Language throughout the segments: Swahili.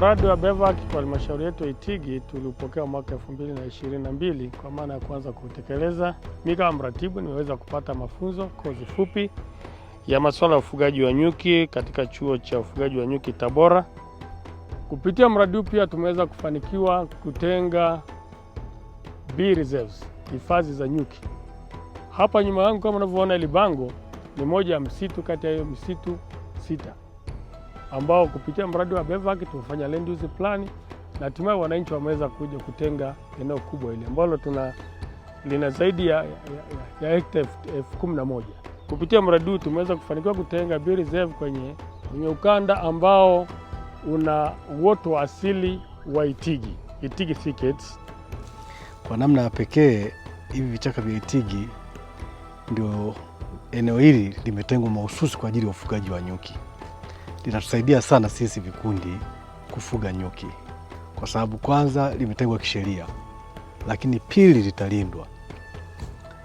Mradi wa BEVAC kwa halmashauri yetu ya Itigi tuliupokea mwaka 2022 kwa maana ya kuanza kutekeleza mi kama mratibu nimeweza kupata mafunzo kozi fupi ya masuala ya ufugaji wa nyuki katika chuo cha ufugaji wa nyuki Tabora. Kupitia mradi huu pia tumeweza kufanikiwa kutenga bee reserves, hifadhi za nyuki. Hapa nyuma yangu kama unavyoona, ile bango ni moja ya msitu kati ya hiyo misitu sita ambao kupitia mradi wa BEVAC tumefanya land use plan na hatimaye wananchi wameweza kuja kutenga eneo kubwa hili ambalo tuna lina zaidi ya, ya, ya hekta elfu kumi na moja. Kupitia mradi huu tumeweza kufanikiwa kutenga Bee Reserve kwenye, kwenye ukanda ambao una uoto wa asili wa Itigi, Itigi thickets. Kwa namna ya pekee hivi vichaka vya Itigi ndio eneo hili limetengwa mahususi kwa ajili ya ufugaji wa nyuki linatusaidia sana sisi vikundi kufuga nyuki, kwa sababu kwanza limetengwa kisheria, lakini pili litalindwa.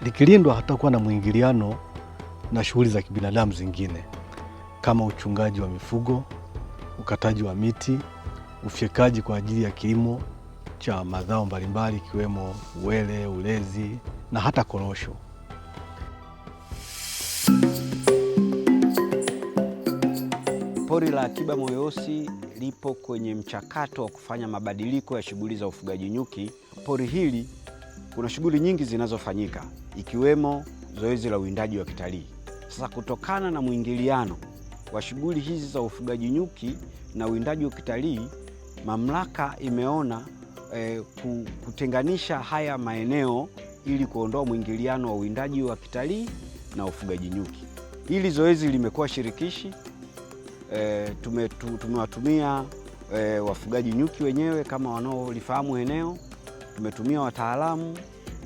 Likilindwa hatakuwa na mwingiliano na shughuli za kibinadamu zingine kama uchungaji wa mifugo, ukataji wa miti, ufyekaji kwa ajili ya kilimo cha mazao mbalimbali ikiwemo uwele, ulezi na hata korosho. pori la Akiba Moyosi lipo kwenye mchakato wa kufanya mabadiliko ya shughuli za ufugaji nyuki. Pori hili kuna shughuli nyingi zinazofanyika ikiwemo zoezi la uwindaji wa kitalii. Sasa kutokana na mwingiliano wa shughuli hizi za ufugaji nyuki na uwindaji wa kitalii, mamlaka imeona eh, kutenganisha haya maeneo ili kuondoa mwingiliano wa uwindaji wa kitalii na ufugaji nyuki. Hili zoezi limekuwa shirikishi e, tumewatumia e, wafugaji nyuki wenyewe kama wanaolifahamu eneo, tumetumia wataalamu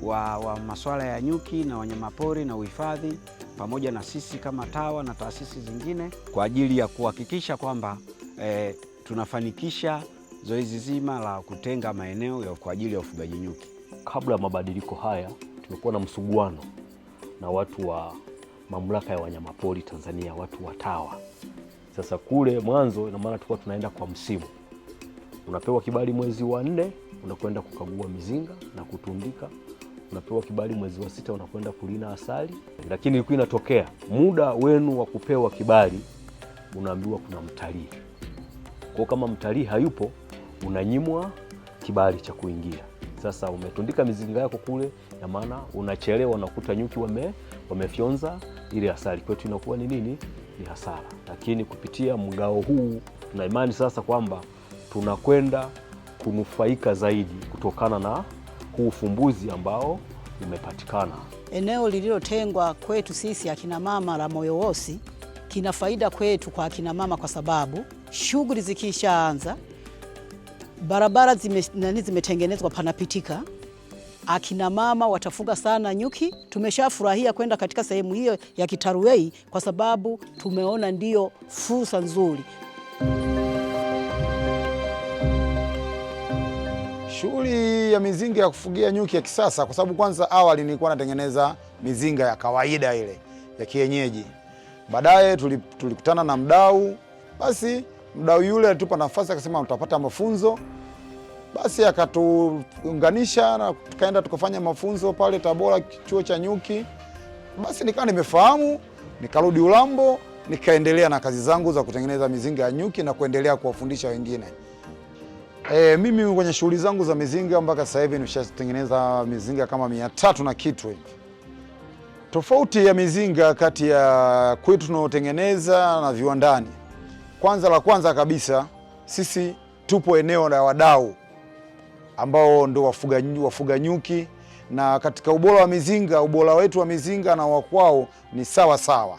wa, wa masuala ya nyuki na wanyamapori na uhifadhi pamoja na sisi kama TAWA na taasisi zingine kwa ajili ya kuhakikisha kwamba e, tunafanikisha zoezi zima la kutenga maeneo ya kwa ajili ya ufugaji nyuki. Kabla ya mabadiliko haya, tumekuwa na msuguano na watu wa mamlaka ya wanyamapori Tanzania, watu wa TAWA sasa kule mwanzo, ina maana tulikuwa tunaenda kwa msimu, unapewa kibali mwezi wa nne unakwenda kukagua mizinga na kutundika, unapewa kibali mwezi wa sita unakwenda kulina asali. Lakini ilikuwa inatokea muda wenu wa kupewa kibali, unaambiwa kuna mtalii kwao. Kama mtalii hayupo, unanyimwa kibali cha kuingia. Sasa umetundika mizinga yako kule, na maana unachelewa, unakuta nyuki wame wamefyonza ile asali. Kwetu inakuwa ni nini? ni hasara, lakini kupitia mgao huu tuna imani sasa kwamba tunakwenda kunufaika zaidi kutokana na huu ufumbuzi ambao umepatikana. Eneo lililotengwa kwetu sisi akina mama la Moyo Wosi kina faida kwetu kwa akina mama, kwa sababu shughuli zikishaanza, barabara zime, nani zimetengenezwa, panapitika. Akina mama watafuga sana nyuki. Tumeshafurahia kwenda katika sehemu hiyo ya Kitaruwei kwa sababu tumeona ndiyo fursa nzuri. Shughuli ya mizinga ya kufugia nyuki ya kisasa, kwa sababu kwanza awali nilikuwa natengeneza mizinga ya kawaida ile ya kienyeji, baadaye tulikutana na mdau, basi mdau yule alitupa nafasi akasema, utapata mafunzo basi akatuunganisha na tukaenda tukafanya mafunzo pale Tabora, chuo cha nyuki. Basi nikawa nimefahamu, nikarudi Ulambo, nikaendelea na kazi zangu za kutengeneza mizinga ya nyuki na kuendelea kuwafundisha wengine. E, mimi kwenye shughuli zangu za mizinga mpaka sasa hivi nimeshatengeneza mizinga kama mia tatu na kitu hivi. Tofauti ya mizinga kati ya kwetu tunaotengeneza na viwandani, kwanza la kwanza kabisa, sisi tupo eneo la wadau ambao ndo wafuga, wafuga nyuki na katika ubora wa mizinga, ubora wetu wa mizinga na wakwao ni sawa sawa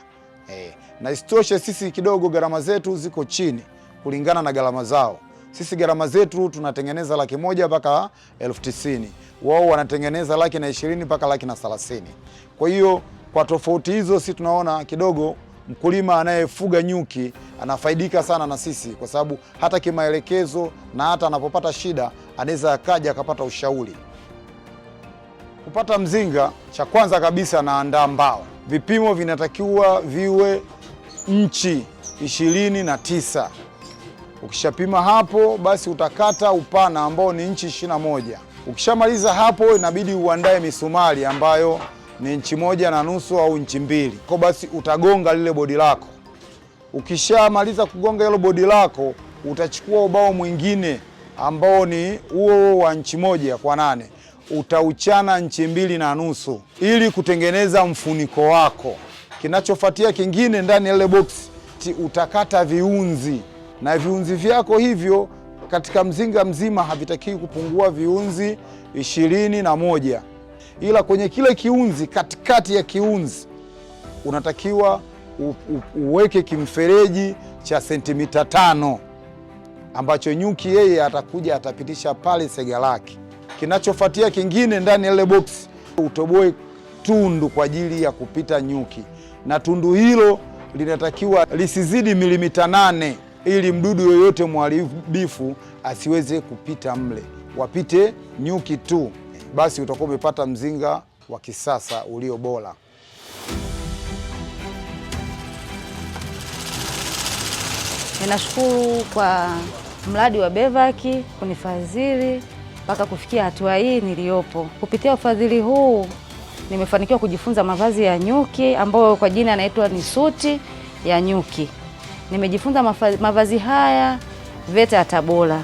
e. Na isitoshe sisi kidogo gharama zetu ziko chini kulingana na gharama zao. Sisi gharama zetu tunatengeneza laki moja mpaka elfu tisini wao wanatengeneza laki na ishirini mpaka laki na thelathini Kwa hiyo kwa tofauti hizo, si tunaona kidogo mkulima anayefuga nyuki anafaidika sana na sisi, kwa sababu hata kimaelekezo na hata anapopata shida anaweza akaja akapata ushauri. Kupata mzinga, cha kwanza kabisa naandaa mbao. Vipimo vinatakiwa viwe nchi ishirini na tisa. Ukishapima hapo, basi utakata upana ambao ni nchi ishirini na moja. Ukishamaliza hapo, inabidi uandae misumari ambayo ni nchi moja na nusu au nchi mbili, kwa basi utagonga lile bodi lako. Ukishamaliza kugonga hilo bodi lako, utachukua ubao mwingine ambao ni huo wa nchi moja kwa nane, utauchana nchi mbili na nusu ili kutengeneza mfuniko wako. Kinachofuatia kingine ndani ya ile utakata viunzi na viunzi vyako hivyo katika mzinga mzima havitakiwi kupungua viunzi ishirini na moja ila kwenye kile kiunzi, katikati ya kiunzi unatakiwa u, u, uweke kimfereji cha sentimita tano ambacho nyuki yeye atakuja atapitisha pale sega lake. Kinachofuatia kingine ndani ya ile boksi utoboe tundu kwa ajili ya kupita nyuki, na tundu hilo linatakiwa lisizidi milimita nane ili mdudu yoyote mharibifu asiweze kupita mle, wapite nyuki tu basi utakuwa umepata mzinga wa kisasa ulio bora. Ninashukuru kwa mradi wa bevaki kunifadhili mpaka kufikia hatua hii niliyopo. Kupitia ufadhili huu nimefanikiwa kujifunza mavazi ya nyuki ambayo kwa jina yanaitwa ni suti ya nyuki. Nimejifunza mavazi haya VETA ya Tabora.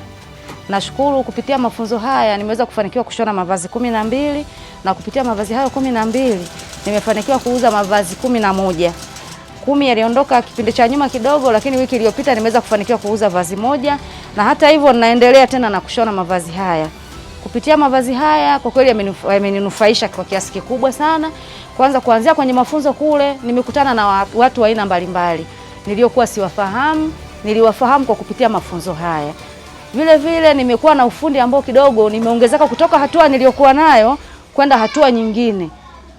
Nashukuru kupitia mafunzo haya nimeweza kufanikiwa kushona mavazi kumi na mbili na kupitia mavazi hayo kumi na mbili nimefanikiwa kuuza mavazi kumi na moja kumi yaliondoka kipindi cha nyuma kidogo, lakini wiki iliyopita nimeweza kufanikiwa kuuza vazi moja, na hata hivyo ninaendelea tena na kushona mavazi haya. Kupitia mavazi haya kwa kweli yameninufaisha kwa kiasi kikubwa sana. Kwanza kuanzia kwenye mafunzo kule, nimekutana na watu wa aina mbalimbali niliokuwa siwafahamu, niliwafahamu kwa kupitia mafunzo haya. Vile vile nimekuwa na ufundi ambao kidogo nimeongezeka kutoka hatua niliyokuwa nayo kwenda hatua nyingine.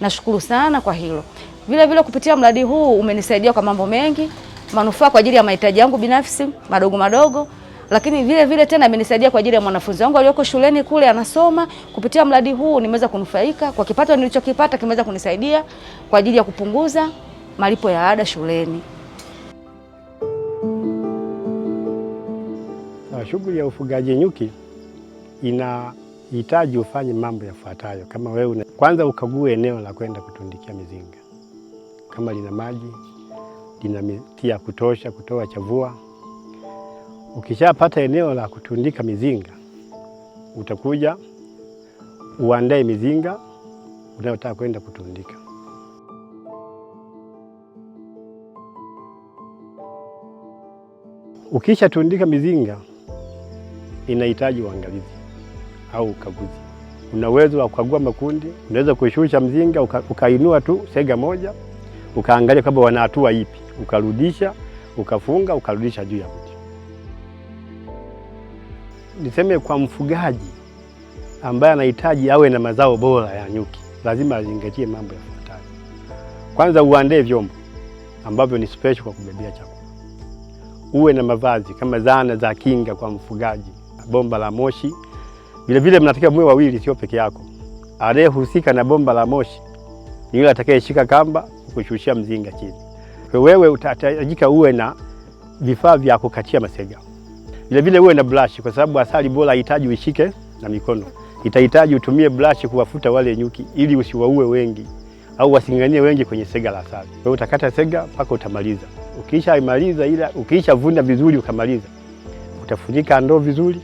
Nashukuru sana kwa hilo. Vile vile kupitia mradi huu umenisaidia kwa mambo mengi, manufaa kwa ajili ya mahitaji yangu binafsi madogo madogo, lakini vile vile tena amenisaidia kwa ajili ya mwanafunzi wangu aliyoko shuleni kule anasoma. Kupitia mradi huu nimeweza kunufaika kwa kipato nilichokipata, kimeweza kunisaidia kwa ajili ya kupunguza malipo ya ada shuleni. Shughuli ya ufugaji nyuki inahitaji ufanye mambo yafuatayo. Kama wewe una... Kwanza ukague eneo la kwenda kutundikia mizinga, kama lina maji, lina miti ya kutosha kutoa chavua. Ukishapata eneo la kutundika mizinga, utakuja uandae mizinga unayotaka kwenda kutundika. Ukishatundika mizinga inahitaji uangalizi au ukaguzi. Una uwezo wa kukagua makundi, unaweza kushusha mzinga uka, ukainua tu sega moja ukaangalia kwamba wana hatua ipi, ukarudisha ukafunga, ukarudisha juu ya mti. Niseme kwa mfugaji ambaye anahitaji awe na mazao bora ya nyuki, lazima azingatie mambo yafuatayo. Kwanza, uandae vyombo ambavyo ni special kwa kubebea chakula. Uwe na mavazi kama zana za kinga kwa mfugaji bomba la moshi. Vile vile mnatakiwa mwe wawili, sio peke yako. Anayehusika na bomba la moshi ni yule atakayeshika kamba kushushia mzinga chini. Kwa wewe utahitajika uwe na vifaa vya kukatia masega, vile vile uwe na brush, kwa sababu asali bora hahitaji uishike na mikono, itahitaji utumie brush kuwafuta wale nyuki ili usiwaue wengi au wasinganie wengi kwenye sega la asali. Kwa hiyo utakata sega mpaka utamaliza. Ukiisha imaliza, ila ukiisha vuna vizuri ukamaliza, utafunika ndoo vizuri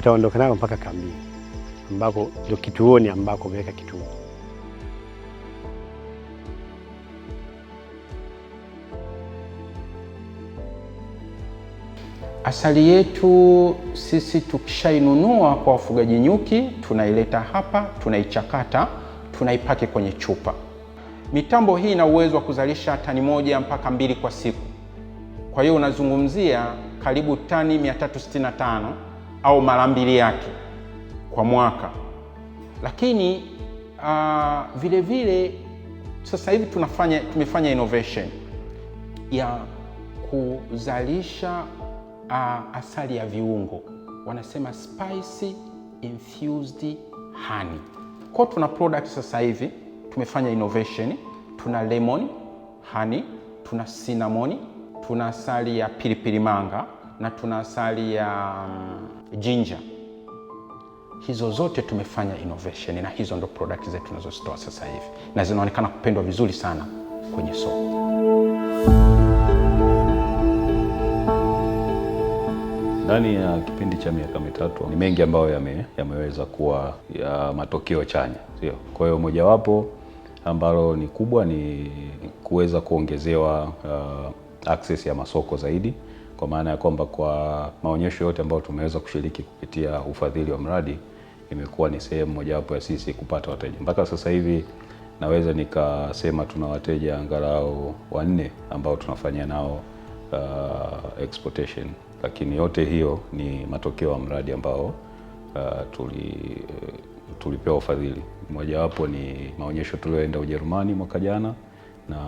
utaondoka nao mpaka kambi ambako ndio kituoni ambako umeweka kituo. Asali yetu sisi tukishainunua kwa wafugaji nyuki, tunaileta hapa, tunaichakata, tunaipaki kwenye chupa. Mitambo hii ina uwezo wa kuzalisha tani moja mpaka mbili kwa siku, kwa hiyo unazungumzia karibu tani 365 au mara mbili yake kwa mwaka. Lakini uh, vile vile sasa hivi tunafanya tumefanya innovation ya kuzalisha uh, asali ya viungo wanasema spicy infused honey. Kwa tuna product sasa hivi tumefanya innovation, tuna lemon honey, tuna cinnamon, tuna asali ya pilipili manga na tuna asali ya jinja. Mm, hizo zote tumefanya innovation na hizo ndo product zetu tunazozitoa sasa hivi na zinaonekana kupendwa vizuri sana kwenye soko. Ndani ya kipindi cha miaka mitatu ni mengi ambayo yame, yameweza kuwa ya matokeo chanya, sio? Kwa hiyo mojawapo ambalo ni kubwa ni kuweza kuongezewa uh, access ya masoko zaidi kwa maana ya kwamba kwa maonyesho yote ambayo tumeweza kushiriki kupitia ufadhili wa mradi imekuwa ni sehemu mojawapo ya sisi kupata wateja. Mpaka sasa hivi naweza nikasema tuna wateja angalau wanne ambao tunafanya nao uh, exportation, lakini yote hiyo ni matokeo ya mradi ambao uh, tuli, uh, tulipewa ufadhili. Mojawapo ni maonyesho tulioenda Ujerumani mwaka jana na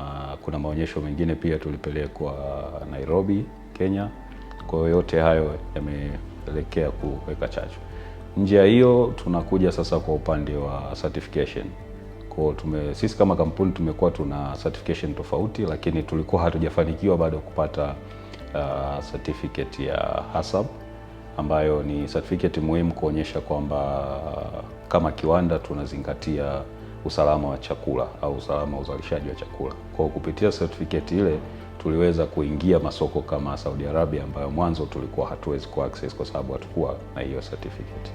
kuna maonyesho mengine pia tulipelekwa Nairobi Kenya. Kwa hiyo yote hayo yamepelekea kuweka chachu. Njia hiyo tunakuja sasa kwa upande wa certification. Kwa tume sisi kama kampuni tumekuwa tuna certification tofauti, lakini tulikuwa hatujafanikiwa bado kupata uh, certificate ya HACCP ambayo ni certificate muhimu kuonyesha kwamba uh, kama kiwanda tunazingatia usalama wa chakula au usalama wa uzalishaji wa chakula. Kwa kupitia certificate ile tuliweza kuingia masoko kama Saudi Arabia ambayo mwanzo tulikuwa hatuwezi ku access kwa sababu hatukuwa na hiyo certificate.